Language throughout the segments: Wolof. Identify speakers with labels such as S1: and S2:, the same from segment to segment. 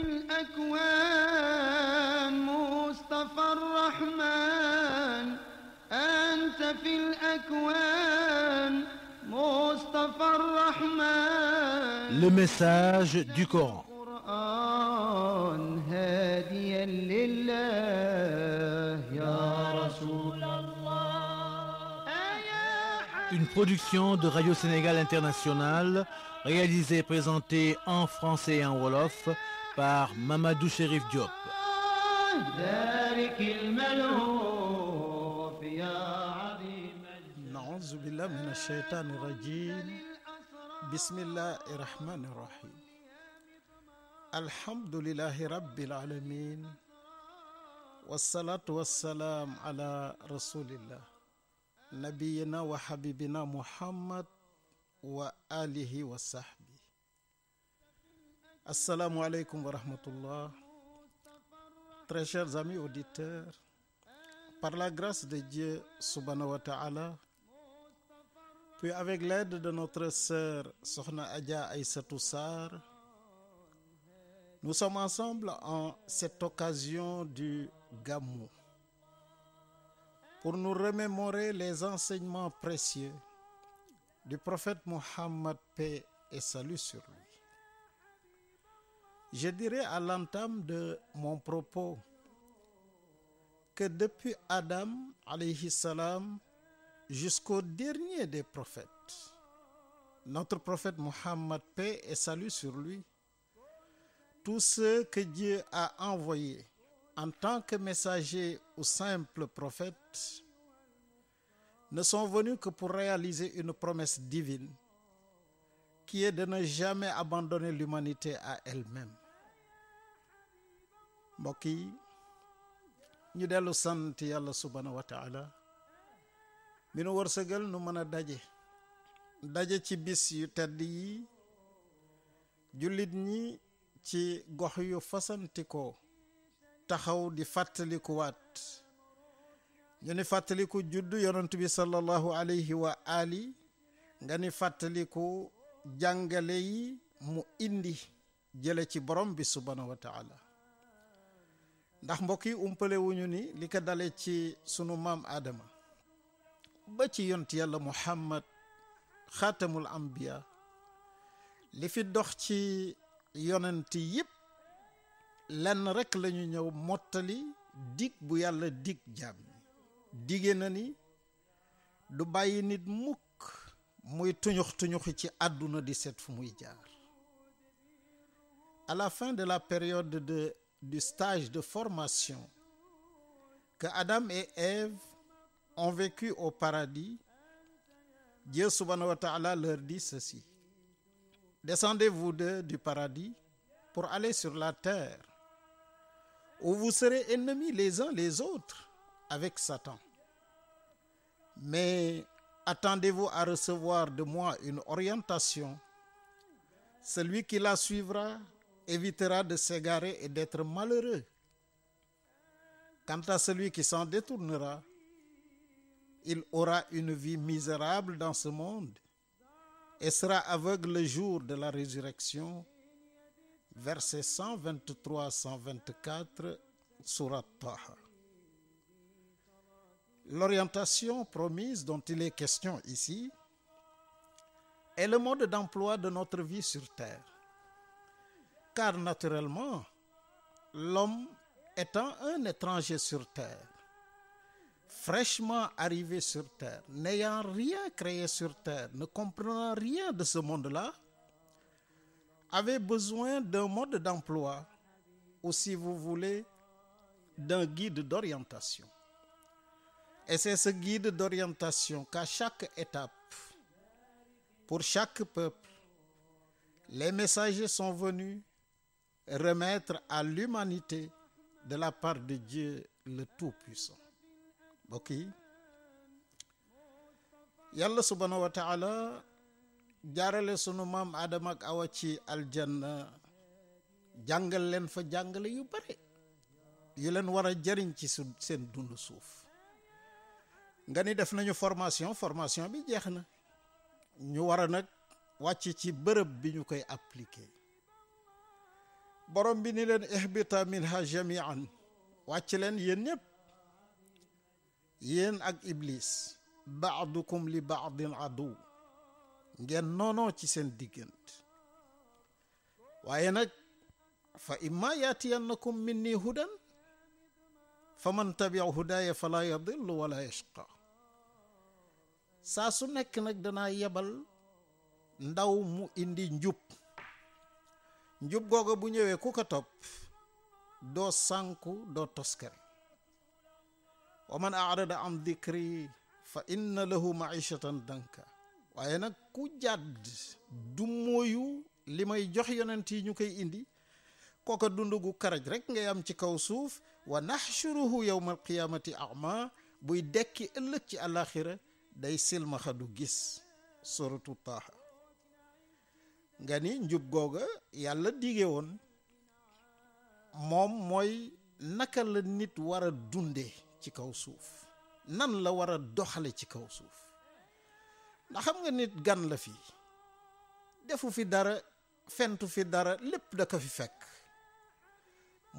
S1: الأكوان مصطفى الرحمن Le
S2: message du Coran
S1: هاديا لله يا رسول
S2: Une production de Radio Sénégal International réalisée et présentée en français et en wolof par Mamadou Chérif Diop. naouzu billah mina sheytaani rajiim bismillahi rahmaani rahiim alhamdulilahi rabbil aalamiin wasalaatu wasalaam ala rasulillah nabiyina wa habibina muhammad wa alihi wa sahbi Assalamualaikum warahmatullah. Très chers amis auditeurs, par la grâce de Dieu subhanahu wa ta'ala, puis avec l'aide de notre sœur Sokhna Adja Aïssatou Sarr, nous sommes ensemble en cette occasion du Gamou pour nous remémorer les enseignements précieux du prophète Mohammed, paix et salut sur lui. Je dirais à l'entame de mon propos que depuis Adam alayhi salam jusqu'au dernier des prophètes, notre prophète Mohammed, paix et salut sur lui, tous ceux que Dieu a envoyés en tant que messagers ou simples prophètes ne sont venus que pour réaliser une promesse divine qui est de ne jamais abandonner l'humanité à elle-même. mbokk yi ñu dellu sant yàlla subhaanahu wa taala mi nu wërsëgal nu mën a daje daje ci bis yu tedd yi jullit ñi ci gox yu fasantikoo taxaw di fàttalikuwaat ñu ni fàttaliku judd yonent bi sallallahu alayhi wa nga ni fàttaliku jàngale yi mu indi jële ci borom bi subhaanahu wa taala ndax mbokk yi umpale ni li ko dale ci sunu maam aadama ba ci yont yàlla muhammad xaatamul ambiya li fi dox ci yonent yépp lenn rekk lañu ñëw mottali dikk bu yàlla dig jaam dige na ni du bàyyi nit mukk muy tuñux tuñuxi ci àdduna di seet fu muy jaar à la fin de la période de du stage de formation que Adam et Ève ont vécu au paradis, Dieu subhanahu wa ta'ala leur dit ceci. Descendez vous deux du paradis pour aller sur la terre, où vous serez ennemis les uns les autres avec Satan. Mais attendez-vous à recevoir de moi une orientation. Celui qui la suivra évitera de s'égarer et d'être malheureux. Quant à celui qui s'en détournera, il aura une vie misérable dans ce monde et sera aveugle le jour de la résurrection. Versets 123, 124, sourate Taha. L'orientation promise dont il est question ici est le mode d'emploi de notre vie sur terre. car naturellement, l'homme étant un étranger sur terre, fraîchement arrivé sur terre, n'ayant rien créé sur terre, ne comprenant rien de ce monde-là, avait besoin d'un mode d'emploi ou si vous voulez, d'un guide d'orientation. Et c'est ce guide d'orientation qu'à chaque étape, pour chaque peuple, les messagers sont venus remettre à l'humanité de la part de Dieu le Tout-Puissant mbokk yi yàlla subhaanahu wa taala jaarale sunu maam Adama Awa ci aljanna jàngal leen fa jàngale yu bare yu leen war a jëriñ ci su seen dund suuf nga ni def nañu formation formation bi jeex na ñu war a nag wàcc ci bërëb bi ñu koy appliquer borom bi ni leen ihbita minha jamian wàcc leen yéen ñëpp yéen ak iblis baadukum li baadin adu ngeen noonoo ci seen diggante waaye nag fa imma yaatiyannakum minni hudan fa man tabia hudaaya fala yadillu wala yashqa saa su nekk nag danaa yebal ndaw mu indi njub njub googa bu ñëwee ku ko topp doo sànku doo toskari wa man arada an dikri fa inna lahu maishatan danka waaye nag ku jàdd du li may jox yonent yi ñu koy indi kooka dund gu karaj rek ngay am ci kaw suuf wa naxshuruhu yowma alqiyaamati ama buy dekki ëllëg ci àllaaxira day silmaxa du gis suratu taaha nga ni njub googa yàlla dige woon moom mooy naka la nit wara dunde ci kaw suuf nan la war a doxale ci kaw suuf ndax xam nga nit gan la fii defu fi dara fentu fi dara lépp da ko fi fekk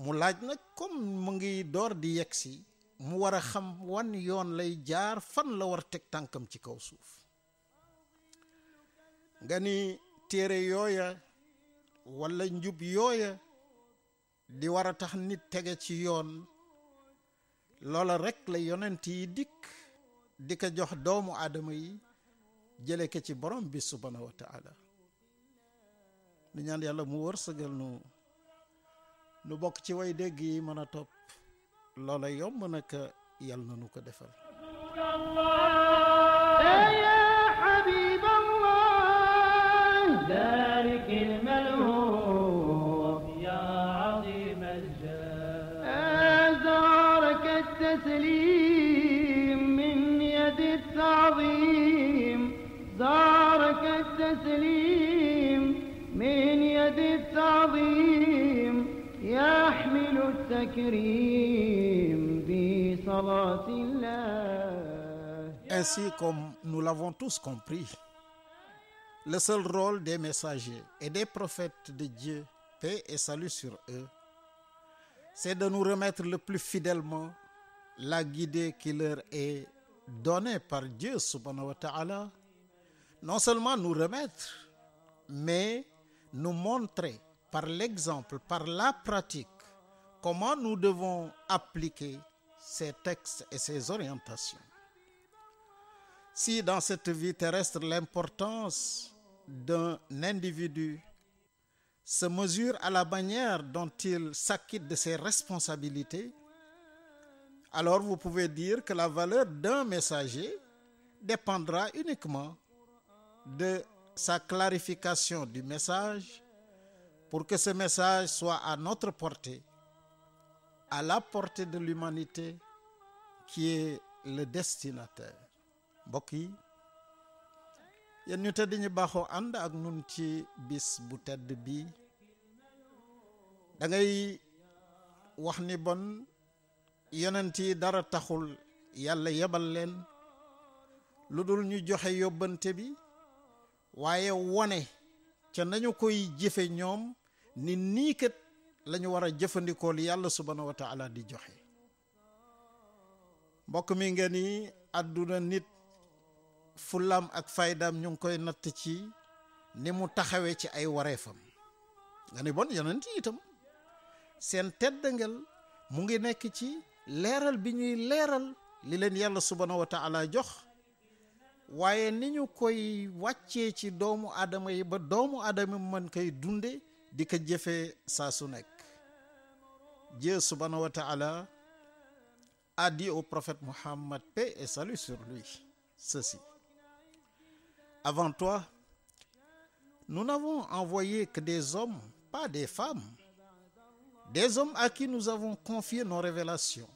S2: mu laaj nag comme mu ngi door di yegsi mu war a xam wan yoon lay jaar fan la war teg tànkam ci kaw suuf nga ni téere yooya walla njub yooya di war a tax nit tege ci yoon loola rekk la yonent yi dikk di ko jox doomu aadama yi jële ko ci borom bi subhaanahu wa taala nu ñaan yàlla mu wërsëgal nu nu bokk ci way dégg yi mën a topp loola yomb naka yàlla nu ko defal
S3: ذلك الملهوف يا عظيم الجاه
S1: زارك التسليم من يد التعظيم زارك التسليم من يد التعظيم يحمل التكريم
S2: بصلاة الله Ainsi comme nous l'avons tous compris, Le seul rôle des messagers et des prophètes de Dieu, paix et salut sur eux, c'est de nous remettre le plus fidèlement la guidée qui leur est donnée par Dieu subhanahu wa ta'ala, non seulement nous remettre, mais nous montrer par l'exemple, par la pratique, comment nous devons appliquer ces textes et ces orientations. Si dans cette vie terrestre l'importance d'un individu se mesure à la manière dont il s'acquitte de ses responsabilités, alors vous pouvez dire que la valeur d'un messager dépendra uniquement de sa clarification du message pour que ce message soit à notre portée, à la portée de l'humanité qui est le destinataire. yi yéen ñu tedd ñi baaxoo ànd ak nun ci bis bu tedd bi dangay wax ni bon yonent yi dara taxul yàlla yebal leen lu dul ñu joxe yóbbante bi waaye wone ca nañu koy jëfe ñoom ni nii kat la ñu war a jëfandikool yàlla subhaanahu wa di joxe mbokk mi nga ni àdduna nit fullaam ak faydaam ñu ngi koy natt ci ni mu taxawee ci ay wareefam nga ne bon yonent yi itam seen teddangal mu ngi nekk ci leeral bi ñuy leeral li leen yàlla subhanahu wa taala jox waaye ni ñu koy wàccee ci doomu aadama yi ba doomu aadama mën koy dunde di ko jëfe saa su nekk Dieu subhanahu wa taala a dit au prophète Muhammad paix et salut sur lui ceci Avant toi, nous n'avons envoyé que des hommes, pas des femmes, des hommes à qui nous avons confié nos révélations.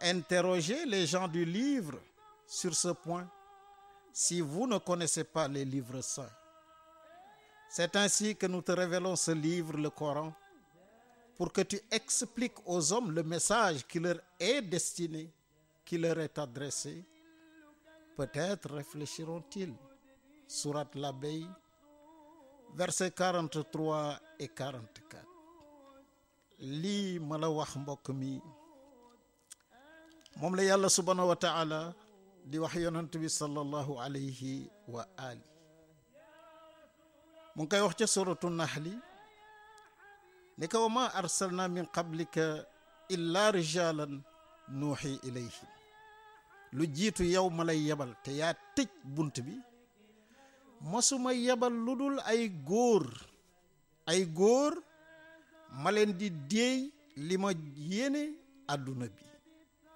S2: Interrogez les gens du livre sur ce point, si vous ne connaissez pas les livres saints. C'est ainsi que nous te révélons ce livre, le Coran, pour que tu expliques aux hommes le message qui leur est destiné, qui leur est adressé Peut-être réfléchiront-ils. Sourate l'Abeille, versets 43 et 44. lii ma la wax mbokk mi moom la yàlla subhaanahu wa taala di wax yonent bi sallallahu alayhi wa ali mu ngi koy wax ca suratu naxli ko wa ma arsalna min qablika illa rijalan nuuxi ilayhim lu jiitu yow ma lay yebal te yaa tëj bunt bi masuma yebal lu dul ay góor ay góor ma leen di déey li ma yéene àdduna bi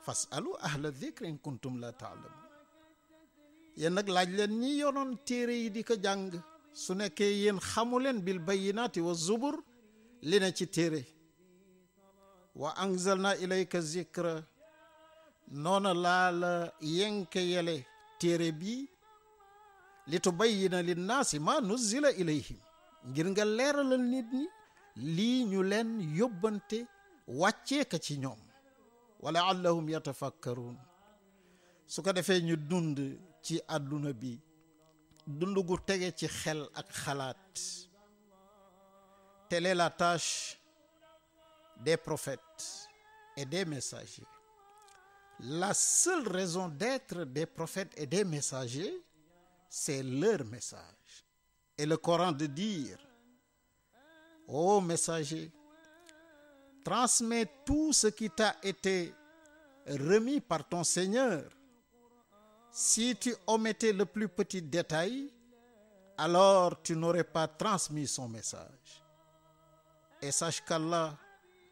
S2: fas alu ahla dhikri in kuntum la taalamun yéen nag laaj leen ñi yonoon téere yi di ko jàng su nekkee yéen xamu leen bil bayyinaati wa zubur li ne ci téere wa anzalna ilayka zikra noona laa la yenke yele téere bi li tubayyina linnaasi ma nuzzila ilayhim ngir nga leeralal nit ñi lii ñu leen yóbbante wàcceeka ci ñoom wala allahum yatafakkaruun su ko defee ñu dund ci àdduna bi dund gu tege ci xel ak xalaat telle est la tâche des prophètes et des messagers la seule raison d'être des prophètes et des messagers, c'est leur message. Et le Coran de dire, ô messager, transmets tout ce qui t'a été remis par ton Seigneur. Si tu omettais le plus petit détail, alors tu n'aurais pas transmis son message. Et sache qu'Allah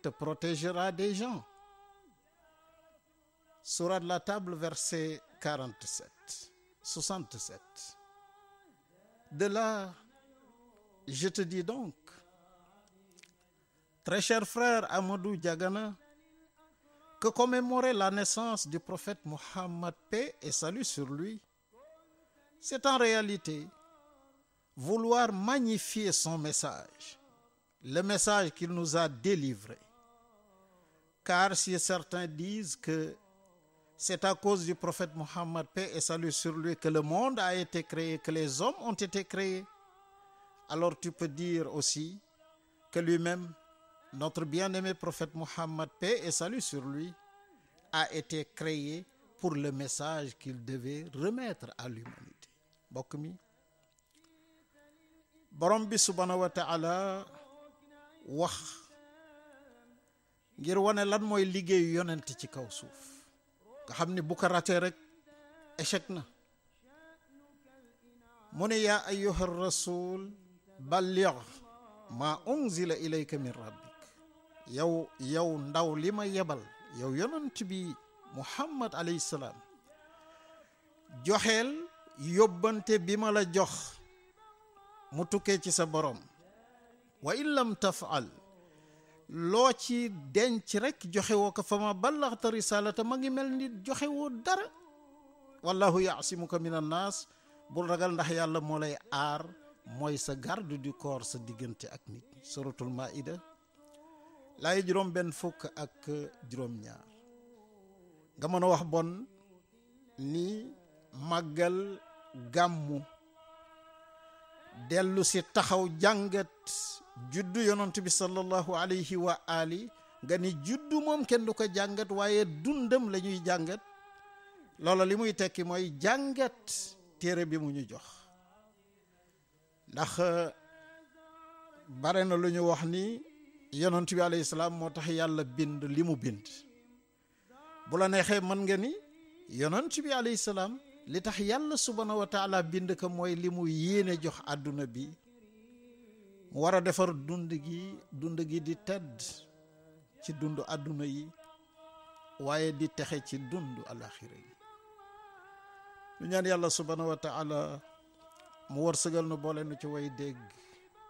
S2: te protégera des gens. Sourate la table verset 47 67 de là je te dis donc très cher frère la naissance du prophète Mohammed paix et salut sur lui réalité vouloir magnifier son message le message qu'il nous a délivré C'est à cause du prophète Mohammed, paix et salut sur lui, que le monde a été créé, que les hommes ont été créés. Alors tu peux dire aussi que lui-même, notre bien-aimé prophète Mohammed, paix et salut sur lui, a été créé pour le message qu'il devait remettre à l'humanité mbokk mi borom bi subhanahu wa wax ngir wane lan mooy liggéeyu yonent ci kaw suuf nga xam ni bu ko ratee rek échec na mu ne yaa ayyuha rasul balligh maa unzila ilayka min rabbik yow yow ndaw li ma yebal yow yonent bi muhammad alayhi salaam joxeel yóbbante bi ma la jox mu tukkee ci sa borom wa in lam tafaal loo ci denc rekk joxewoo ko fa ma ballaxta risalata ma ngi mel ni joxewoo woo dara wallahu yaasimuka min naas bul ragal ndax yàlla moo lay aar mooy sa garde du corps sa diggante ak nit suratul maida laay juróom benn fukk ak juróom-ñaar nga mën a wax bon ni màggal gàmmu dellu si taxaw jàngat juddu yonent bi sallallahu alayhi wa ali nga ni juddu moom kenn du ko jàngat waaye dundam lañuy ñuy jàngat loola li muy tekki mooy jàngat téere bi mu ñu jox ndax uh, bare na lu ñu wax ni yonent bi alayhi salaam moo tax yàlla bind li mu bind bu la neexee man nga ni yonent bi alayhi salaam li tax yàlla subhanahu wa taala bind ko mooy li mu yéene jox àdduna bi mu war a defar dund gi dund gi di tedd ci dund àdduna yi waaye di texe ci dund alaxira yi ñu ñaan yàlla subhaanahu wa taala mu wërsëgal nu boole nu ci way dégg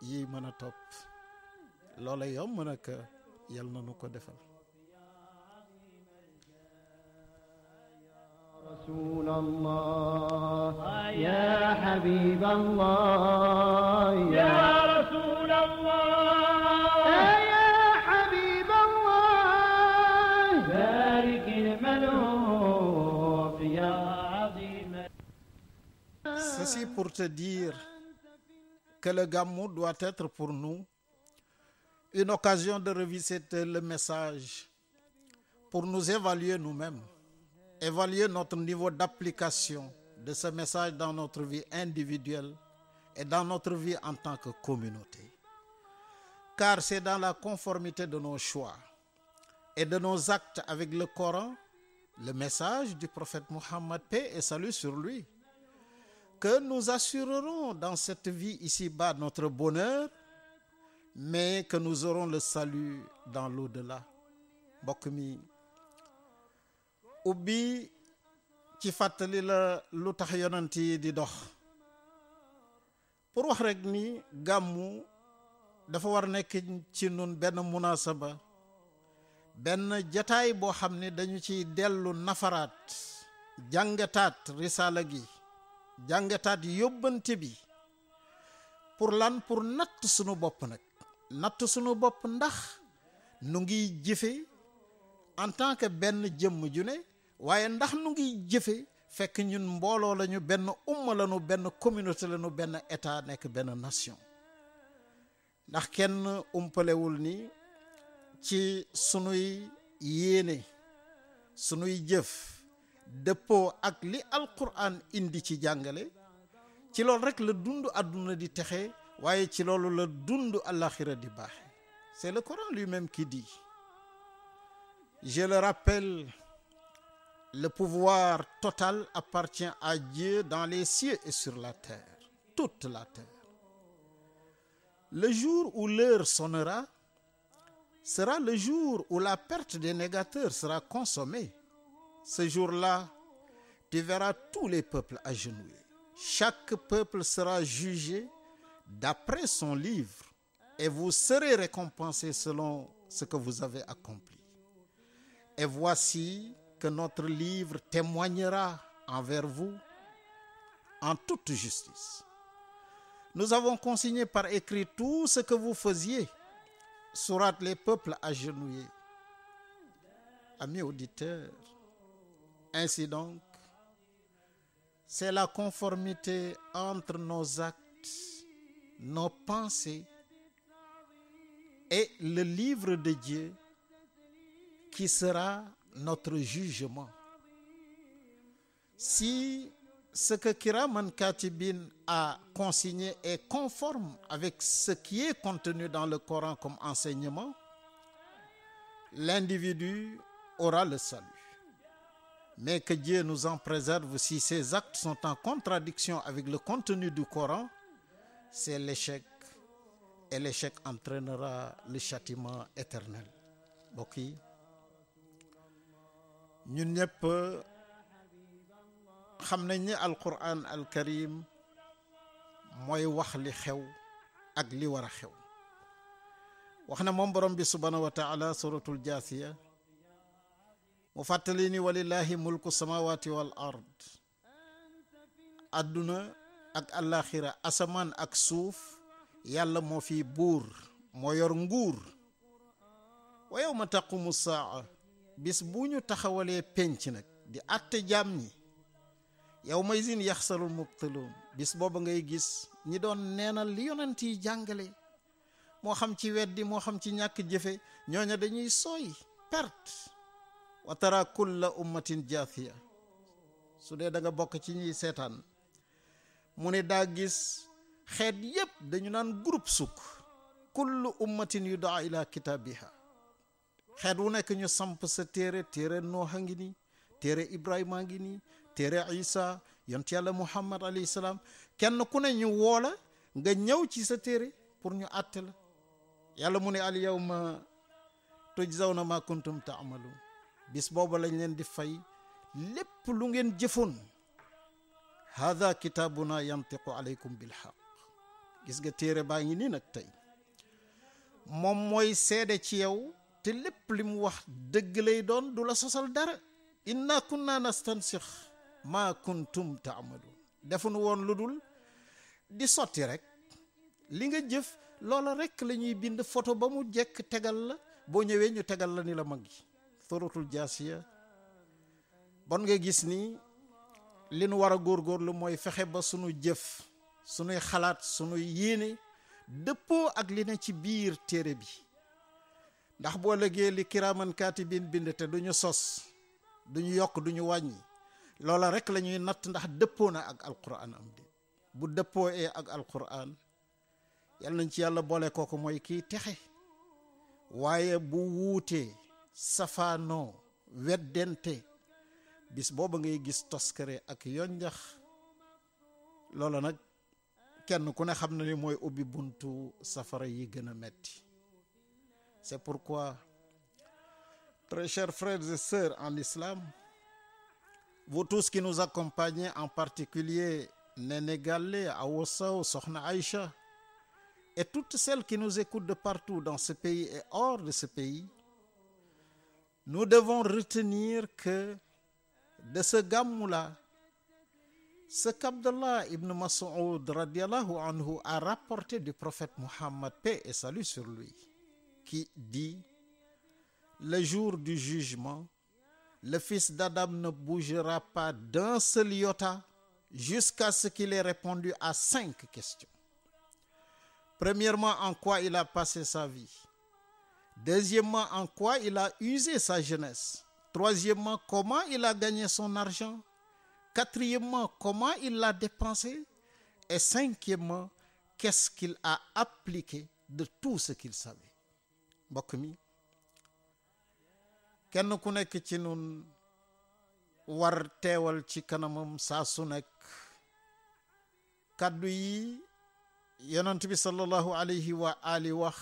S2: yi mën a topp loola yomb nag yal na nu ko defar رسول الله يا pour te dire que le Gamou doit être pour nous une occasion de revisiter le message pour nous évaluer nous-mêmes, évaluer notre niveau d'application de ce message dans notre vie individuelle et dans notre vie en tant que communauté. Car c'est dans la conformité de nos choix et de nos actes avec le Coran, le message du prophète Mohammed, paix et salut sur lui que nous assurerons dans cette vie ici-bas notre bonheur mais que nous aurons le salut dans l'au-delà mbokk mi ubbi ci fàttali la lu tax yonent yi di dox pour wax rekk ni gàmmu dafa war nekk ci nun benn munasaba benn jataay boo xam ne dañu ciy dellu nafaraat jàngataat risaala gi jàngataat yóbbante bi pour lan pour natt suñu bopp nag natt sunu bopp ndax nu ngi jëfe en tant que benn jëmm ju ne waaye ndax nu ngi jëfe fekk ñun mbooloo lañu benn umma lañu benn communauté lañu benn état nekk benn nation ndax kenn umpalewul ni ci sunuy yéene sunuy jëf dëppoo ak li alquran indi ci jàngale ci loolu rek la dund àdduna di texe waaye ci loolu la dund alaxira di baaxe c'est le Coran lui-même qui dit je le rappelle le pouvoir total appartient à Dieu dans les cieux et sur la terre toute la terre le jour où l'heure sonnera sera le jour où la perte des négateurs sera consommée Ce jour-là, tu verras tous les peuples agenouillés. Chaque peuple sera jugé d'après son livre et vous serez récompensés selon ce que vous avez accompli. Et voici que notre livre témoignera envers vous en toute justice. Nous avons consigné par écrit tout ce que vous faisiez. Sourate les peuples agenouillés. Amis auditeurs, Ainsi donc, c'est la conformité entre nos actes, nos pensées et le livre de Dieu qui sera notre jugement. Si ce que Kiraman Katibin a consigné est conforme avec ce qui est contenu dans le Coran comme enseignement, l'individu aura le salut. mais que Dieu nous en préserve si ces actes sont en contradiction avec le contenu du Coran, c'est l'échec et l'échec entraînera le châtiment éternel. mbokk yi ñun ñëpp xam nañ ni alquran alkarim mooy wax li xew ak li war a xew wax na moom borom bi subhanahu wa taala suratul jaasiya mu fàttali ni walillaahi mulku samawati wal ard àdduna ak àllaaxira asamaan ak suuf yàlla moo fi buur moo yor nguur wa yawma taqumu saa bis bu ñu taxawalee penc nag di àtte jaam ñi yawma izin yaxsarul mubtiluun bis booba ngay gis ñi doon neenal li yonent yi jàngale moo xam ci weddi moo xam ci ñàkk jëfe ñooña dañuy sooy perte wa tara kulla ummatin jaathiya su dee da nga bokk ci ñiy seetaan mu ne daa gis xeet yépp dañu naan groupe sukk kullu ummatin yu daa ila kitaabiha xeet wu nekk ñu samp sa téere téere nooxa ngi nii téere ibrahima ngi nii téere isa yont yàlla muhammad alayhi salaam kenn ku ne ñu woola nga ñëw ci sa téere pour ñu àtte la yàlla mu ne al yawma tujzawna ma kuntum taamaluun bis booba lañ leen di fay lépp lu ngeen jëfoon hada kitaabuna yantiqu aleykum bilxaq gis nga téere baa ngi nii nag tey moom mooy seede ci yow te lépp li mu wax dëgg lay doon du la sosal dara inna kunna nastansix ma kuntum taamaluun defuñu woon lu dul di sotti rek li nga jëf loola rek lañuy bind foto ba mu jekk tegal la boo ñëwee ñu tegal la ni la mag yi turutul jaasiya bon nga gis ni li nu war a góorgóorlu mooy fexe ba sunu jëf sunuy xalaat sunu yéene dëppoo ak li ne ci biir téere bi ndax boo lëgee li kiraaman kaatibin bind te duñu sos duñu yokk duñu wàññi loola rek lañuy natt ndax dëppoo na ak alquran am di bu dëppoo ee ak alquran yal nañ ci yàlla boole kooku mooy kiy texe waaye bu wuutee safaanoo weddente bis booba ngay gis toskare ak yonjax loola nag kenn ku ne xam na ni mooy ubbi buntu safara yi gën a metti c'est pourquoi très chers frères et sœurs en islam vous tous qui nous accompagnez en particulier Néné Gallé Awa Sow Sokhna Aïcha et toutes celles qui nous écoutent de partout dans ce pays et hors de ce pays nous devons retenir que de ce gàmmu-là ce qu'Abdallah ibn Mas'ud radiallahu anhu a rapporté du prophète Muhammad paix et salut sur lui qui dit le jour du jugement le fils d'Adam ne bougera pas d'un seul iota jusqu'à ce qu'il ait répondu à cinq questions premièrement en quoi il a passé sa vie Deuxièmement, en quoi il a usé sa jeunesse. Troisièmement, comment il a gagné son argent. Quatrièmement, comment il l'a dépensé. Et cinquièmement, qu'est-ce qu'il a appliqué de tout ce qu'il savait. mbokk mi kenn ku nekk ci nun war teewal ci kanamam saa su nekk kàddu yi yonent bi sallallahu alayhi wa ali wax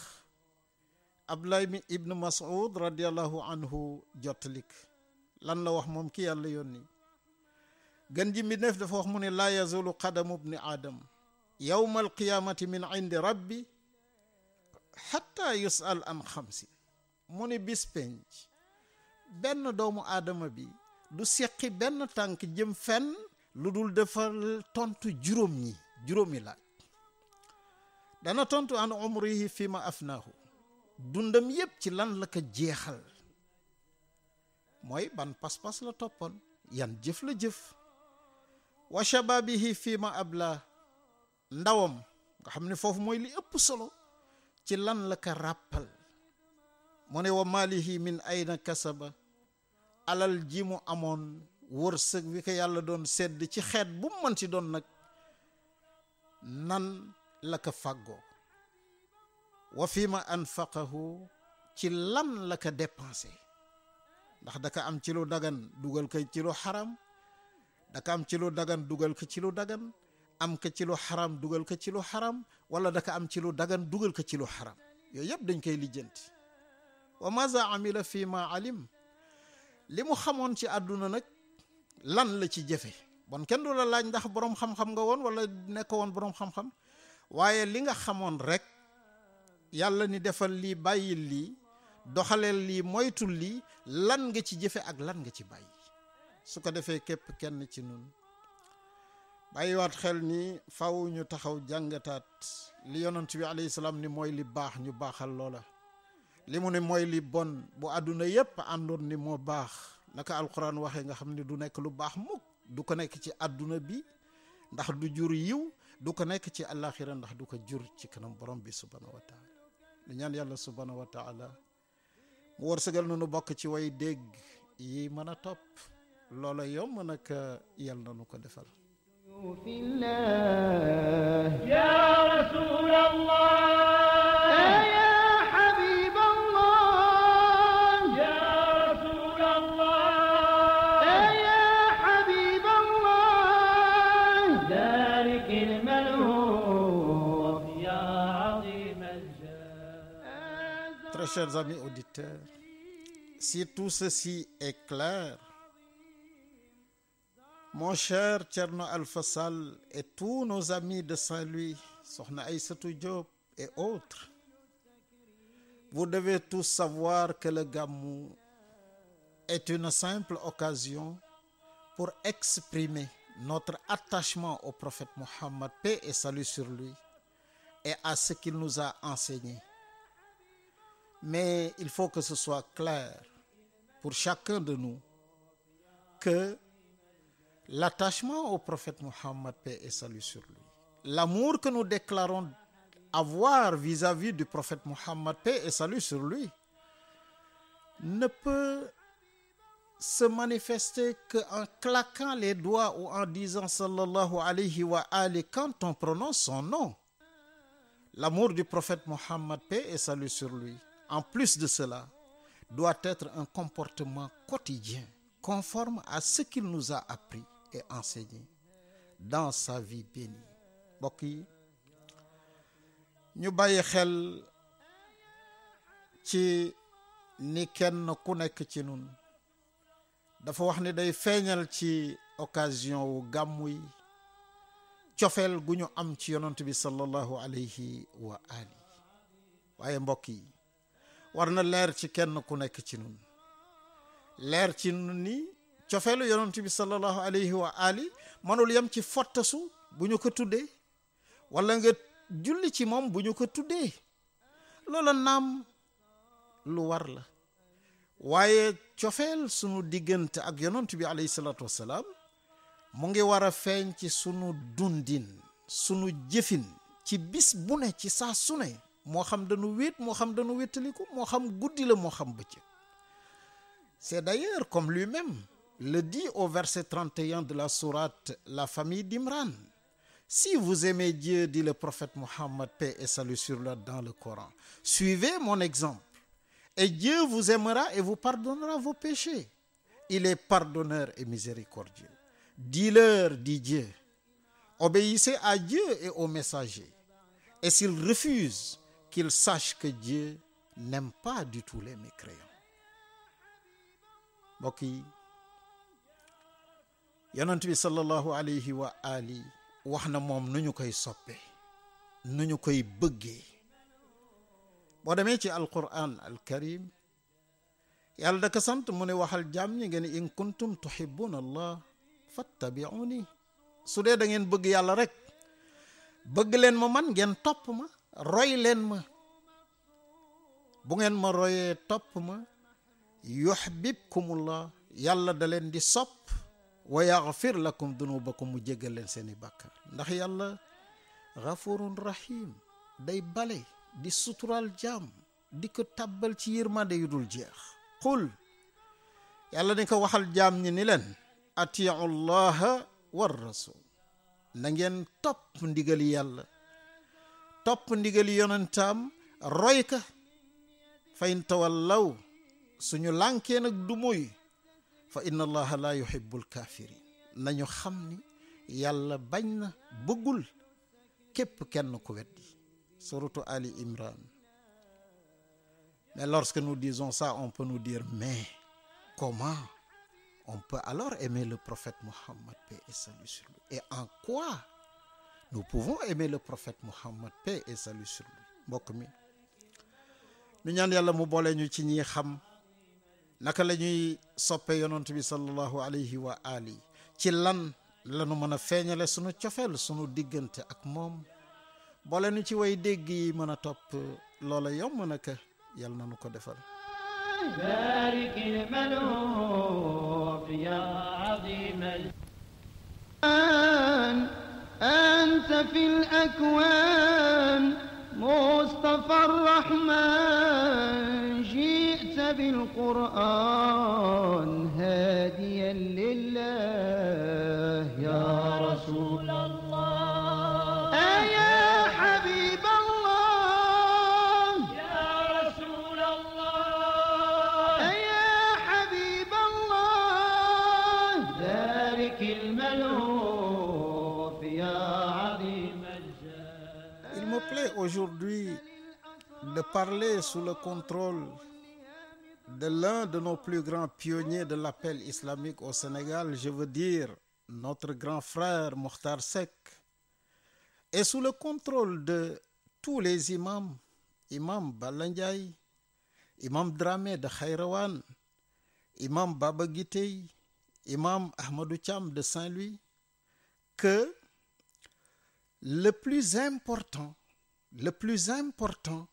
S2: Abdullah ibn Mas'ud radiyallahu anhu jottalik lan la wax moom ki yàlla yónni gën ji mbindéef dafa wax mu ne laa yazulu qadamu ibni aadam yowma alqiyaamati min indi rabbi xatta yusal an xamsi mu ne bis penc benn doomu aadama bi du seqi benn tànk jëm fen lu dul dafa tontu juróom ñi juróomi dana tontu an umrihi fi ma dundam yépp ci lan la ko jeexal mooy ban pas-pas la toppoon yan jëf la jëf wa shababihi fii ma abla ndawam nga xam ne foofu mooy li ëpp solo ci lan la ko ràppal mu ne wa maalihi min ayna kasaba alal ji mu amoon wërsëg wi ko yàlla doon sedd ci xeet bu mën ci doon nag nan la ko fàggoo wa fi ma anfaqahu ci lan la ko dépensé ndax daka am ci lu dagan dugal ko ci lu xaram daka am ci lu dagan dugal ko ci lu am ko ci xaram dugal ko ci xaram wala daka am ci lu dagan dugal ko ci lu xaram yooyu yëpp dañ koy lijjanti wa maza amila fi ma alim li mu xamoon ci àdduna nag lan la ci jëfe bon kenn du la laaj ndax boroom xam-xam nga woon wala nekkoo woon boroom xam-xam waaye li nga xamoon rek yàlla ni defal lii bàyyil lii doxaleel lii moytul lii lan nga ci jëfe ak lan nga ci bàyyi su ko defee képp kenn ci nun bàyyiwaat xel ni faw ñu taxaw jàngataat li yonent bi alayhi salaam ni mooy li baax ñu baaxal loola li mu ne mooy li bon bu àdduna yépp àndoon ni moo baax naka alxuraan waxee nga xam ne du nekk lu baax mukk du ko nekk ci àdduna bi ndax du jur yiw du ko nekk ci àllaaxira ndax du ko jur ci kanam borom bi subhaanahu wa di ñaan yàlla subhanahu wa taala mu wërsëgal nu nu bokk ci way dég yi mën a topp loola yomb nag yal na ko defal ya rasulallah chers amis auditeurs, si tout ceci est clair, mon cher Thierno Alpha Sall et tous nos amis de Saint-Louis, Sokhna Aïssatou Diop et autres, vous devez tous savoir que le Gamou est une simple occasion pour exprimer notre attachement au prophète Mohammed, paix et salut sur lui, et à ce qu'il nous a enseigné. Mais il faut que ce soit clair pour chacun de nous que l'attachement au prophète Mohammed, paix et salut sur lui, l'amour que nous déclarons avoir vis-à-vis du prophète Mohammed, paix et salut sur lui, ne peut se manifester qu'en claquant les doigts ou en disant sallallahu alayhi wa ali quand on prononce son nom. L'amour du prophète Mohammed, paix et salut sur lui, en plus de cela, doit être un comportement quotidien conforme à ce qu'il nous a appris et enseigné dans sa vie bénie mbokk yi ñu bàyyi xel ci ni kenn ku nekk ci nun dafa wax ni day feeñal ci occasion wu gàmmu yi cofeel gu ñu am ci yonent bi sallallahu alayhi waaye mbokk yi war na leer ci kenn ku nekk ci nun leer ci nun ni cofeelu yonent bi sallallahu alayhi wa ali mënul yem ci fottasu bu ñu ko tuddee walla nga julli ci moom bu ñu ko tuddee loola naam lu war la waaye cofeel sunu diggante ak yonent bi alayhi salaatu wassalaam mu ngi war a feeñ ci sunu dundin sunu jëfin ci bis bu ne ci saa su ne moo xam dañu wéet moo xam dañu wéttaliku moo xam guddi la moo xam bëccëg c'est d'ailleurs comme lui-même le dit au verset 31 de la sourate la famille d'Imran si vous aimez Dieu dit le prophète Mohammed paix et salut sur lui dans le Coran suivez mon exemple et Dieu vous aimera et vous pardonnera vos péchés il est pardonneur et miséricordieux dis Dieu obéissez à Dieu et aux messagers et s'ils refusent qu'ils sachent que ji n'aime pas du tout les mécréants mbokk yi yonent bi sallallahu alayhi wa wax na moom nu ñu koy soppe nu ñu koy bëggee boo demee ci alquran alkarim yàlla da ko sant mu ne waxal jaam ñi ngeen in kuntum tuhibbuna allah fattabiuni su dee dangeen bëgg yàlla rek bëgg leen ma man ngeen topp ma roy leen ma bu ngeen ma royee topp ma yuhbibkumullah yàlla da leen di sopp wa yaxfir lakum dunubakum mu jéggal leen seeni bàkkaar ndax yàlla xafurun rahim day di suturaal jaam di ko tàbbal ci yërmande yu dul jeex qul yàlla ni ko waxal jaam ñi ni leen atiu llaha war rasul na ngeen topp ndigali yàlla topp ndigal yonentam roy ka fa in tawallaw suñu lànkee nag du moy fa inna allaha laa yuhibbul kaafiriin nañu xam ni yàlla bañ na bëggul képp kenn ku weddi suratu Ali Imran mais lorsque nous disons ça on peut nous dire mais comment on peut alors aimer le prophète Mohammed paix et salut sur lui et en quoi nous pouvons aimer le prophète Mohammed paix et salut sur mbokk mi ñu ñaan yàlla mu boole ñu ci ñi xam naka la ñuy soppe yonent bi sallallahu alayhi wa ali ci lan lanu mën a feeñale sunu cofeel sunu diggante ak moom boole ñu ci way dégg yi mën a topp loola yomb naka yàlla na nu ko defal
S1: في الأكوان مصطفى الرحمن جئت بالقرآن هاديا لله
S2: aujourd'hui de parler sous le contrôle de l'un de nos plus grands pionniers de l'appel islamique au Sénégal, je veux dire notre grand frère Mokhtar Seck, et sous le contrôle de tous les imams, imam Balla imam Dramé de Khairawan, imam Baba Guitey, imam Ahmadou de Saint-Louis, que le plus important le plus important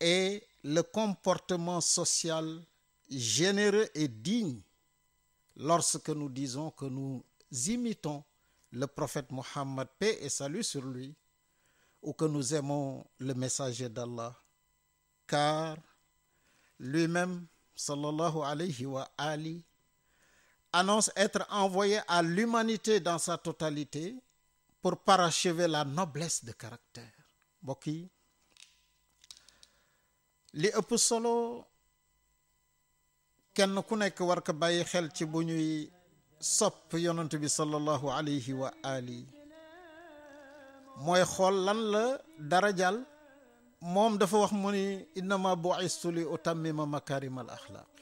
S2: est le comportement social généreux et digne lorsque nous disons que nous imitons le prophète Mohammed, paix et salut sur lui, ou que nous aimons le messager d'Allah, car lui-même, sallallahu alayhi wa ali, annonce être envoyé à l'humanité dans sa totalité pour parachever la noblesse de caractère. mbokk yi li ëpp solo kenn ku nekk war ko bàyyi xel ci bu ñuy sopp yonent bi sallallahu alayhi wa ali mooy xool lan la dara darajal moom dafa wax mu ni innama bu'istu li utammima makarim al axlaaq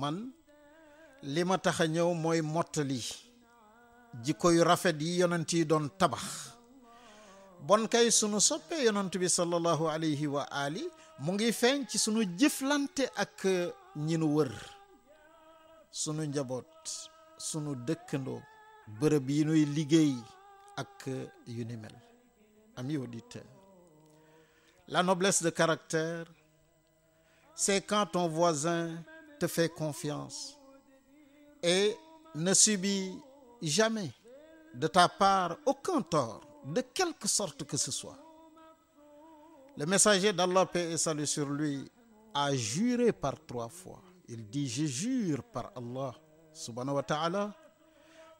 S2: man li ma tax a ñëw mooy mottali jikko yu rafet yi yonent yi doon tabax bon kay sunu soppe yonent bi sallallahu alayhi wa ali mu ngi feeñ ci sunu jëflante ak euh, ñi nu wër sunu njaboot sunu dëkkandoo bërëb yi nuy liggéey ak euh, yu ni mel amis auditeurs la noblesse de caractère c'est quand ton voisin te fait confiance et ne subit jamais de ta part aucun tort de quelque sorte que ce soit. Le messager d'Allah, paix et salut sur lui, a juré par trois fois. Il dit, je jure par Allah, subhanahu wa ta'ala,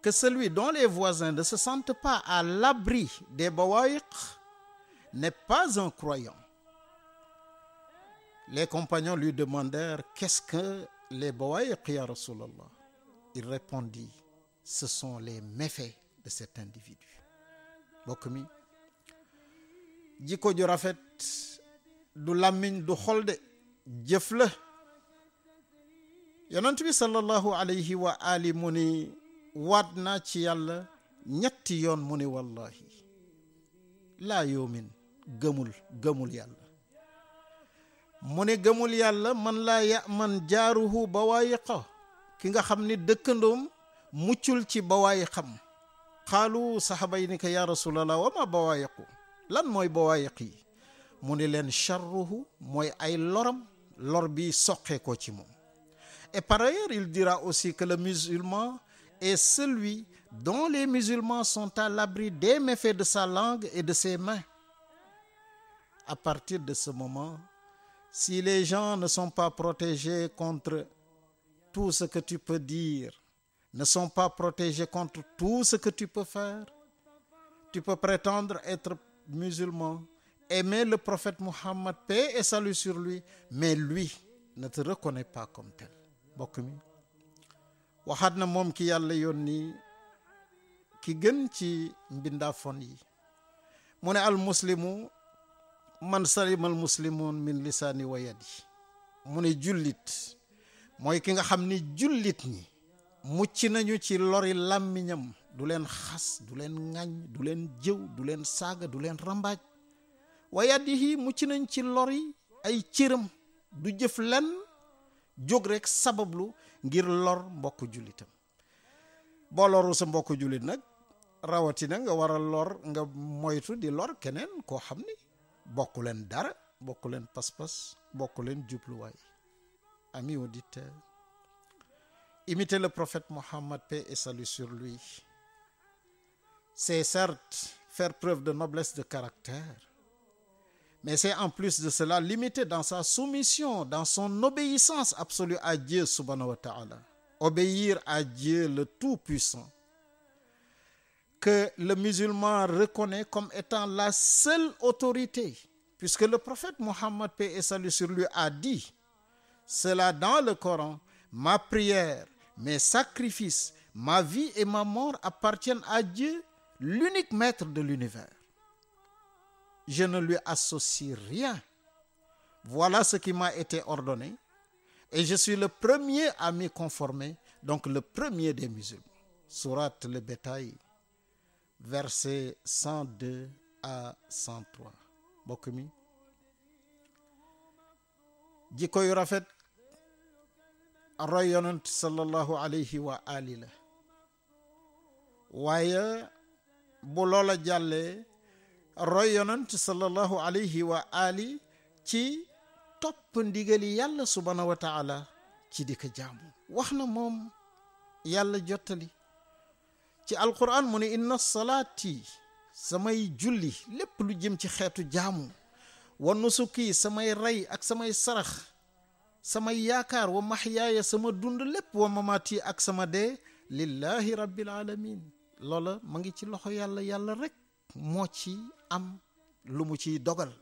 S2: que celui dont les voisins ne se sentent pas à l'abri des bawaïq n'est pas un croyant. Les compagnons lui demandèrent, qu'est-ce que les bawaïq, ya Rasulallah? Il répondit, ce sont les méfaits de cet individu. mbokk mi jikko ju rafet du làmmiñ du xol de jëf la yonent bi sallallahu ali mu ni waat naa ci yàlla ñetti yoon mu ni wallahi laa yoomin gëmul gëmul yàlla mu ne gëmul yàlla man laa yaman jaaruhu bawaayiqa ki nga xam ni dëkkandoom muccul ci bawaayi xam xaalu saxaba yi ni ko yaa rasulallah wa ma bawaayiqu lan mooy bawaayiq yi mu ni leen charruhu mooy ay loram lor bi ko ci moom et par ailleurs il dira aussi que le musulman est celui dont les musulmans sont à l'abri des méfaits de sa langue et de ses mains à partir de ce moment si les gens ne sont pas protégés contre tout ce que tu peux dire ne son pas protégés contre tout ce que tu peux faire. Tu peux prétendre être musulman, aimer le prophète Muhammad, paix et salut sur lui, mais lui ne te reconnaît pas comme tel. mbokk mi waxaat na moom ki yàlla nii ki gën ci mbindaafoon yi mu ne al muslimu man salima al muslimun min lisaani wa yadi mu ne jullit mooy ki nga xam ni jullit ñi mucc nañu ci lori làmmiñam du leen xas du leen ŋañ du leen jëw du leen saaga du leen rambaaj wa yadihi mucc nañ ci lori ay cëram du jëf len jóg rekk sabablu ngir lor mbokk jullitam boo loru sa mbokk jullit nag rawatina nga war a lor nga moytu di lor keneen koo xam ni bokku leen dara bokku leen pas-pas bokku leen jubluwaay ami auditeur Imiter le prophète Mohammed, paix et salut sur lui, c'est certes faire preuve de noblesse de caractère, mais c'est en plus de cela limiter dans sa soumission, dans son obéissance absolue à Dieu subhanahu wa Obéir à Dieu le Tout-Puissant, que le musulman reconnaît comme étant la seule autorité, puisque le prophète Mohammed, paix et salut sur lui, a dit cela dans le Coran, ma prière mes sacrifices, ma vie et ma mort appartiennent à Dieu, l'unique maître de l'univers. Je ne lui associe rien. Voilà ce qui m'a été ordonné, et je suis le premier à m'y conformer, donc le premier des musulmans. Sourate le bétail versets 102 à 103 mbokk mi jikko yu rafet roy yonent sallallahu alayhi la waaye bu loola jàllee roy yonent sallallahu alayhi ci topp ndigali yàlla subhanahu wa ci dikk ko wax na moom yàlla jottali ci alquran mu ne inna salaati samay julli lépp lu jëm ci xeetu jaamu wa nusuki samay rey ak samay sarax sama yaakaar wa maxyaaya sama dund lépp wa mamaati ak sama dee lillahi rabbil alamin loola ma ngi ci loxo yàlla yàlla rek moo ci am lu mu ciy dogal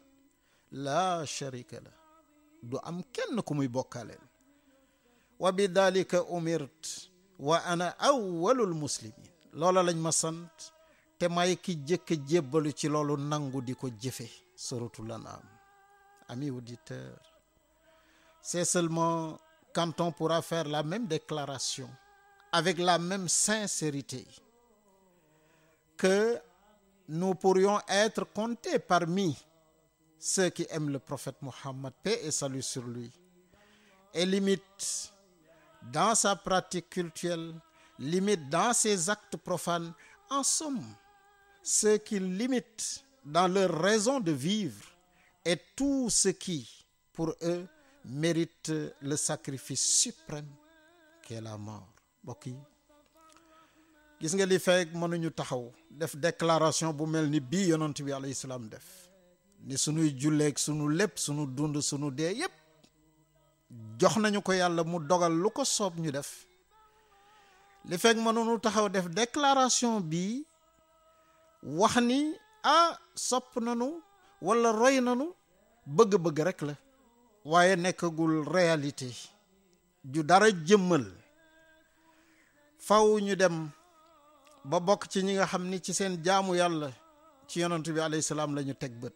S2: laa sharika la du am kenn ku muy bokkaaleel wa bi dalika umirt wa ana awwalul muslimin loola lañ ma sant te may ki jëkk jébbalu ci loolu nangu di ko jëfe suratul an'am ami auditeur C'est seulement quand on pourra faire la même déclaration avec la même sincérité que nous pourrions être comptés parmi ceux qui aiment le prophète Mohammed, paix et salut sur lui, et limite dans sa pratique cultuelle, limite dans ses actes profanes, en somme, ceux qui limitent dans leur raison de vivre et tout ce qui, pour eux, mérite le sacrifice suprême qu'est la mort mbokk yi gis nga li fekk mënuñu taxaw def déclaration bu mel ni bii yonent bi alayhi salaam def ni sunuy julleeg sunu lépp suñu dund suñu dee yépp jox nañu ko yàlla mu dogal lu ko soob ñu def li fekk mënuñu taxaw def déclaration bii wax ni ah sopp nanu walla roy nanu bëgg-bëgg rek la waaye nekkagul réalité ju dara jëmmal faw ñu dem ba bokk ci ñi nga xam ni ci seen jaamu yàlla ci yonent bi alayhi salaam la teg bët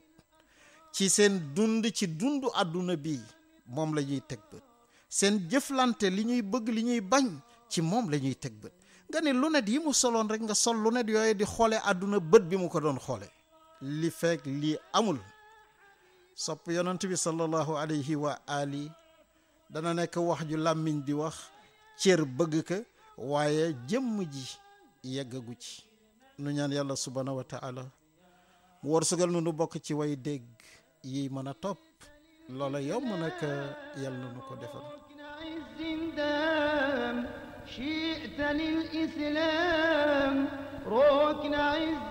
S2: ci seen dund ci dundu àdduna bi moom la ñuy teg bët seen jëflante li ñuy bëgg li ñuy bañ ci moom lañuy teg bët nga ne lunettes yi mu soloon rek nga sol lunettes yooyu di xoole àdduna bët bi mu ko doon xoole li fekk lii amul sopp yonent bi sallallahu alayhi wa ali dana nekk wax ju làmmiñ bi wax cër bëgg ko waaye jëmm ji yeggagu ci nu ñaan yàlla subhaanahu wa taala mu war sugal nu nu bokk ci way dégg yi mën a topp loola yomb nag yàlla na nu ko defal
S1: شئت للإسلام ركن عز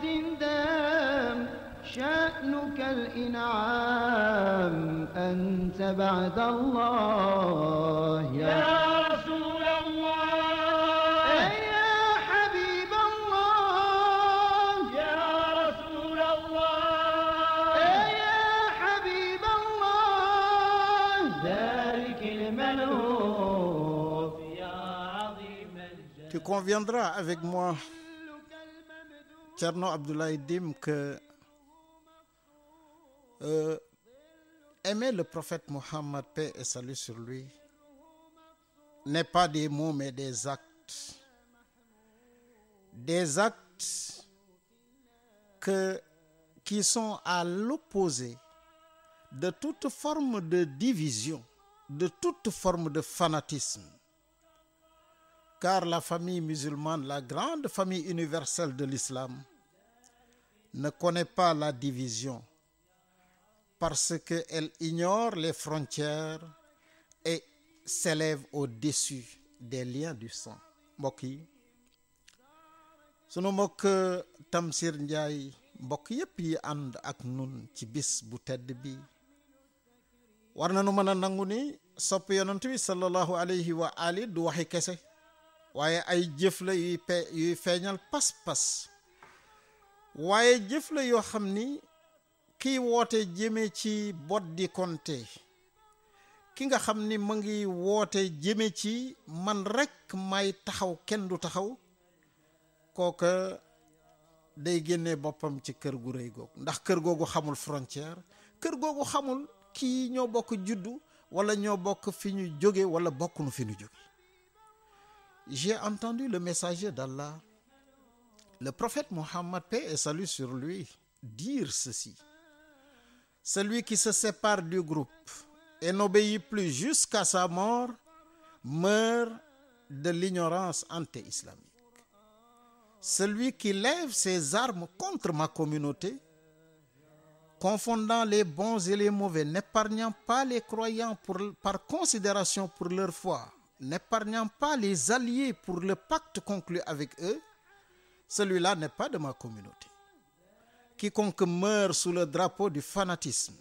S1: دام شأنك الإنعام أنت بعد الله يا, يا
S3: رسول الله يا حبيب الله يا رسول الله يا حبيب الله
S2: ذلك المنوب يا
S1: عظيم
S3: الجلال Tu
S2: conviendras avec moi, Tcherno Abdoulaye Dim, que Euh, aimer le prophète Mohammed, paix et salut sur lui, n'est pas des mots mais des actes. Des actes qui sont à l'opposé de toute forme de division, de toute formes de fanatisme. Car la famille musulmane, la grande famille universelle de l'islam, ne connaît pas la division parce qu'elle ignore les frontières et s'élève au-dessus des liens du sang mbokk yi sunu mbokk Tamsir Ndiaye mbokk yépp yi ànd ak nun ci bis bu tedd bi war nañu mën a nangu ni sopp yonent bi sallallahu alayhi du waxi kese waaye ay jëf la yuy yuy feeñal pas-pas waaye jëf la yoo xam ni kiy woote jëme ci di Konte ki nga xam ni mu ngi woote jëme ci man rekk may taxaw kenn du taxaw kooka day génne boppam ci kër gu rëy googu ndax kër googu xamul frontière kër googu xamul kii ñoo bokk juddu wala ñoo bokk fi ñu jóge wala bokkunu fi ñu jóge j'ai entendu le messager d'Allah le prophète Mohammed paix et salut sur lui dire ceci Celui qui se sépare du groupe et n'obéit plus jusqu'à sa mort meurt de l'ignorance anti-islamique. Celui qui lève ses armes contre ma communauté, confondant les bons et les mauvais, n'épargnant pas les croyants pour, par considération pour leur foi, n'épargnant pas les alliés pour le pacte conclu avec eux, celui-là n'est pas de ma communauté. Quiconque meurt sous le drapeau du fanatisme,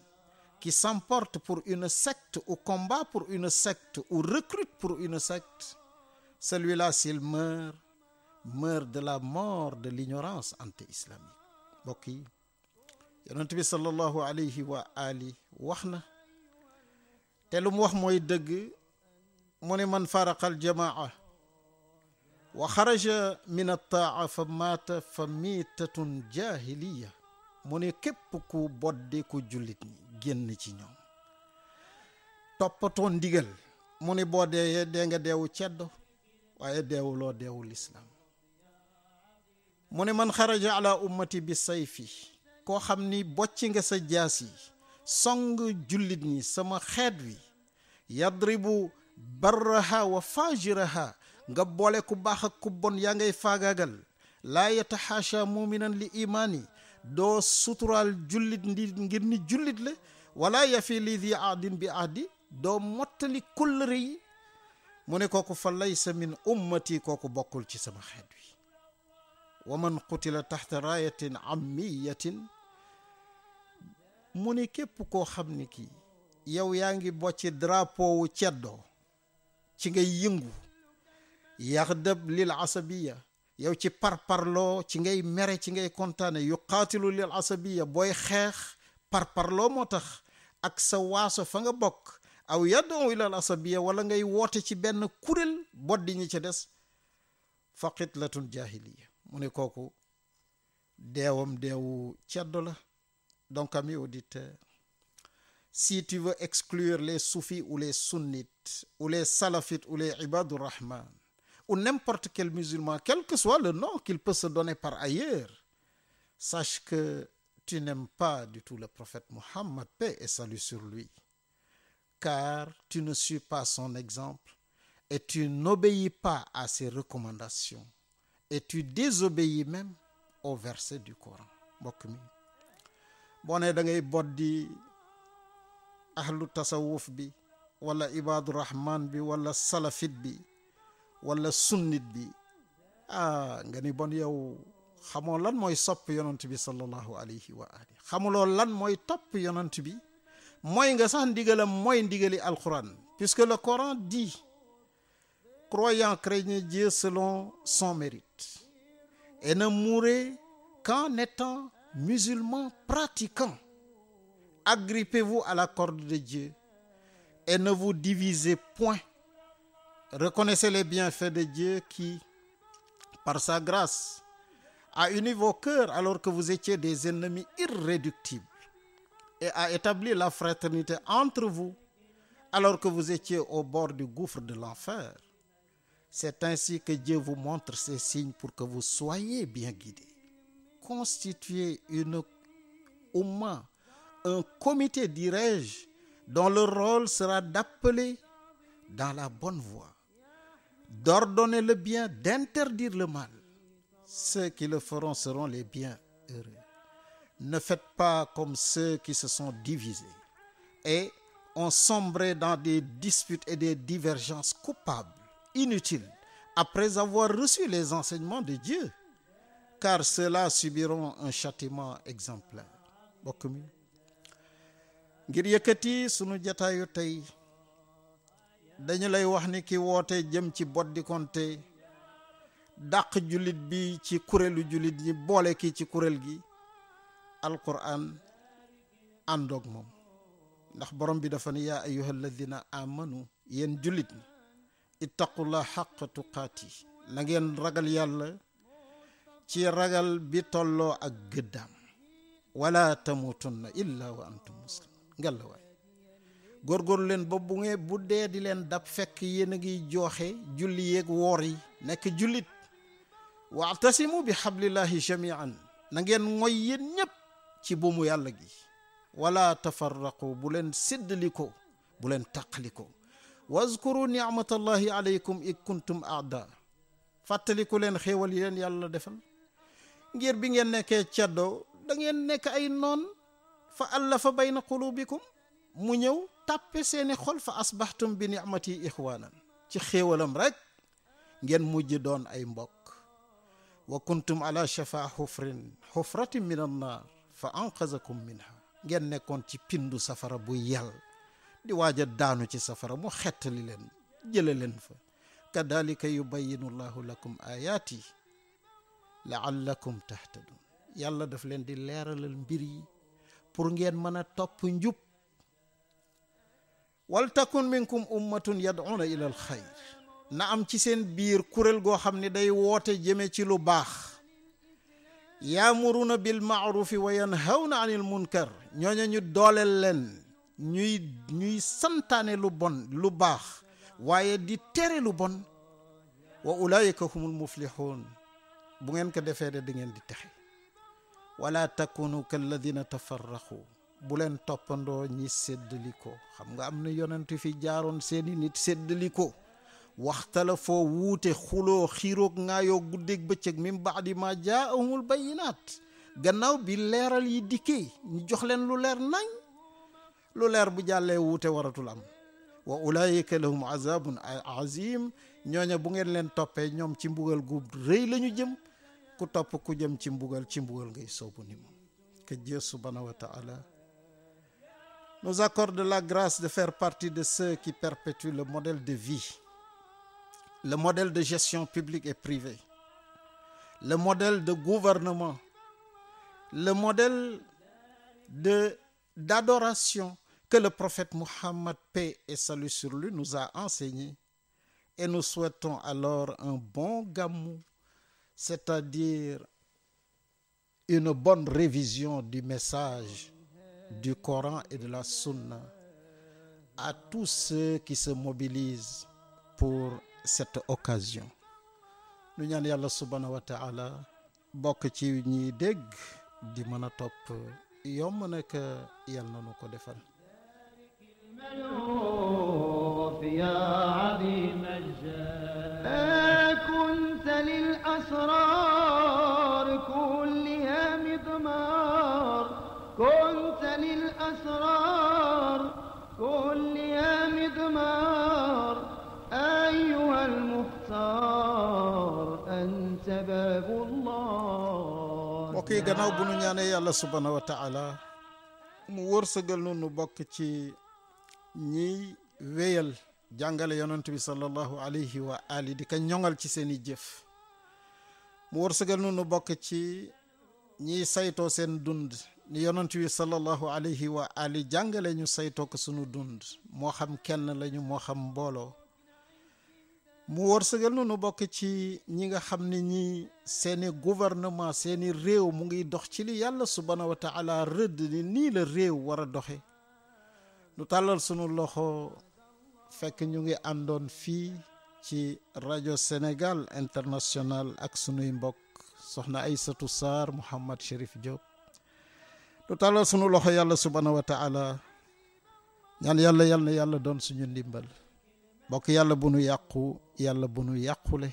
S2: qui s'emporte pour une secte ou combat pour une secte ou recrute pour une secte, celui-là, s'il meurt, meurt de la mort de l'ignorance anti-islamique. mbokk yi yonent bi sallallahu alayhi wa ali wax na te lu wax mooy dëgg mu ne man faraqal jamaa wa xaraja min attaa fa maata fa miitatun jahiliya mu ne képp ku bodde ku jullit ñi génn ci ñoom toppatoo ndigal mu ne boo deeyee dee nga deewu ceddo waaye deewuloo deewu lislaam mu ne man xaraja ala ummati bi sayfi koo xam ni bocc nga sa jaas yi song jullit ñi sama xeet wi yadribu barraha wa fajiraha nga boole ku baax ak ku bon yaa ngay faagaagal laa yataxaasha muminan li imaani doo suturaal jullit ndi ngir ni jullit la wala yafi li di ahdin bi ahdi doo mottali kullëre yi mu ne kooku fa laysa min ummati kooku bokkul ci sama xeet wi wa man qutila taxta raayatin ammiyatin mu ne képp koo xam ni ki yow yaa ngi bocci drapowu wu ceddoo ci ngay yëngu yaxdab lil asabiya yow ci parparloo ci ngay mere ci ngay kontaane yu qaatilu lil asabiya booy xeex parparloo moo tax ak sa waaso fa nga bokk aw yaddu ilal asabiya wala ngay woote ci benn kuréel boddi ñi ca des fa qitlatul jahiliya mu ne kooku deewam deewu ceddo la donc ami auditeur si tu veux exclure les sufi ou les sunnites ou les salafites ou les ibadur rahman ou n'importe quel musulman, quel que soit le nom qu'il peut se donner par ailleurs, sache que tu n'aimes pas du tout le prophète Mohammed, paix et salut sur lui, car tu ne suis pas son exemple et tu n'obéis pas à ses recommandations et tu désobéis même au verset du Coran mbokk mi boo nee da di boddi ahlu tasawuf bi wala ibadurahman bi wala salafit bi wala sunnit bi ah nga ni bon yow xamoo lan mooy sopp yonent bi sallallahu alayhi wa ali xamuloo lan mooy topp yonent bi mooy nga sax ndigalam mooy ndigali alquran puisque la Coran di croyant craignez Dieu selon son mérite et ne mourrez qu'en étant musulman pratiquant agrippez-vous à la corde de Dieu et ne vous divisez point Reconnaissez les bienfaits de Dieu qui, par sa grâce, a uni vos cœurs alors que vous étiez des ennemis irréductibles et a établi la fraternité entre vous alors que vous étiez au bord du gouffre de l'enfer. C'est ainsi que Dieu vous montre ces signes pour que vous soyez bien guidés. Constituez une oumma, un comité, dirais-je, dont le rôle sera d'appeler dans la bonne voie. d'ordonner le bien, d'interdire le mal. Ceux qui le feront seront les bienheureux. Ne faites pas comme ceux qui se sont divisés et on sombré dans des disputes et des divergences coupables, inutiles, après avoir reçu les enseignements de Dieu, car ceux-là subiront un châtiment exemplaire. mbokk mi ngir dañu lay wax ni ki woote jëm ci boddi konte dàq jullit bi ci kuréelu jullit ñi boole kii ci kuréel gi alquran àndoog moom ndax borom bi dafa ne yaa ayuha alladina amanu yéen jullit ñi ittaqullah xaqa tuqaati na ngeen ragal yàlla ci ragal bi tolloo ak gëddaam wala tamutunna illa wa antum muslim ngalla waay góorgóorlu leen ba bu ngeen bu dee di leen dab fekk yéen a ngi jooxe julli yeeg woor yi nekk jullit wa'tasimu bi hablillahi jamian nangeen ngeen mooy yéen ñëpp ci buumu yàlla gi wala tafarraqu bu leen séddali ko bu leen tàqali ko wazkuru nicmatallahi aleykum id kuntum fàttali fàttaliku leen xéewal yi leen yàlla defal ngir bi ngeen nekkee ceddoo da ngeen nekk ay noon fa allafa bayna qulubikum mu ñëw tàppe seeni xol fa asbaxtum bi nicmati ixwaanan ci xéewalam rek ngeen mujj doon ay mbokk wa kuntum ala shafa xufrin xufratin min annaar fa anqazakum minha ngeen nekkoon ci pindu safara bu yàll di waaja daanu ci safara mu xettali leen jële fa kadalika yubayinu llahu lakum ayaati laallakum tahtadun yàlla daf leen di leeralal mbir yi pour ngeen mën topp njub wal takun minkum ummatun yad'una ila al xayr am ci seen biir kuréel goo xam ne day woote jëme ci lu baax yaamuruna bil maarufi wa yanhawna anil munkar ñooña ñu dooleel leen ñuy ñuy santaane lu bon lu baax waaye di tere lu bon wa ulaayika humul muflixuun bu ngeen ko defee de di ngeen di texe wala takunu kalladina tafarraqu bu leen toppandoo ñi séddali xam nga am na yonent fi jaaroon seeni nit séddali ko waxtala foo wuute xuloo xiiroog ngaayoo guddeeg bëccëg min di ma jaa amul bay jaahumul bayinaat gannaaw bi leeral yi dikkee ñu jox leen lu leer nañ lu leer bu jàllee wuute waratul am wa ulaayika lahum azabun azim ñooña bu ngeen leen toppee ñoom ci mbugal gu rëy lañu jëm ku topp ku jëm ci mbugal ci mbugal ngay soobu ni moom ka Jeesu subhaanahu nous accorde la grâce de faire partie de ceux qui perpétuent le modèle de vie, le modèle de gestion publique et privée, le modèle de gouvernement, le modèle de d'adoration que le prophète Mohammed, paix et salut sur lui, nous a enseigné. Et nous souhaitons alors un bon gamou, c'est-à-dire une bonne révision du message du Coran et de la Sunna à tous ceux qui se mobilisent pour cette occasion ñu ñaan yàlla subhanahu wa taala bokk ci ñiy dégg di mën a topp yomb nag yal nu ko defal
S1: يا عظيم الجاه كنت للأسرار
S2: mbokk yi gannaaw bu nu ñaanee yàlla subhaanahu wa mu wërsëgal nu nu bokk ci ñiy wéyal jàngale yonent bi sallallahu alayhi wa ali di ko ñoŋal ci seeni jëf mu wërsëgal nu nu bokk ci ñiy saytoo seen dund ni yonent bi sallallahu alayhi wa ali jàngale ñu saytoo ko sunu dund moo xam kenn lañu moo xam mbooloo mu wërsëgal nu nu bokk ci ñi nga xam ne ñi seeni gouvernement seeni réew mu ngi dox ci li yàlla subhaanahu wa taala rëdd ni nii la réew war a doxe nu tàllal sunu loxo fekk ñu ngi àndoon fii ci rajo Sénégal international ak sunuy mbokk soxna Aysatu Sarr Mouhamad Chérif Diop nu tàllal sunu loxo yàlla subhaanahu wa taala ñaan yàlla yàl yàlla doon suñu ndimbal bokk yàlla bu nu yàqu yàlla bu nu yàqule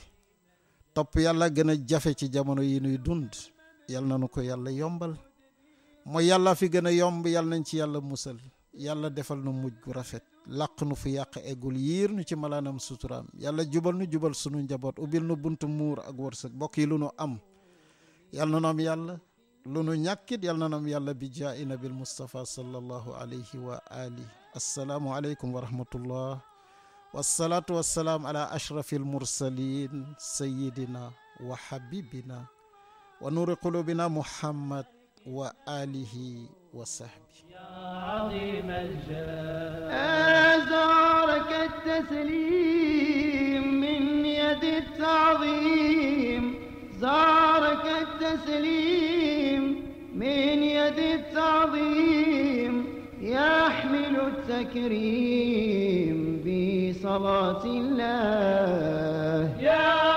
S2: topp yàlla gën a jafe ci jamono yi nuy dund yàlla na nu ko yàlla yombal mooy yàlla fi gën a yomb yàlla nañ ci yàlla musal yàlla defal nu mujj gu rafet làq nu fu yàq eggul yiir nu ci malaanam suturaam yàlla jubal nu jubal sunu njaboot ubbil nu bunt muur ak wërsëg bokk yi lu nu am yàlla na noom yàlla lu nu ñàkkit yàlla noom yàlla bi jaa i nabil mustapha sallallahu alayhi wa ali asalaamu aleykum wa rahmatullah wasalaatu wasalaam ala ashrafil mursalin sayidina wa habibina wa nuuri qulubina muhammad wa alihi wa sahbi
S1: يحمل التكريم صلاة الله يا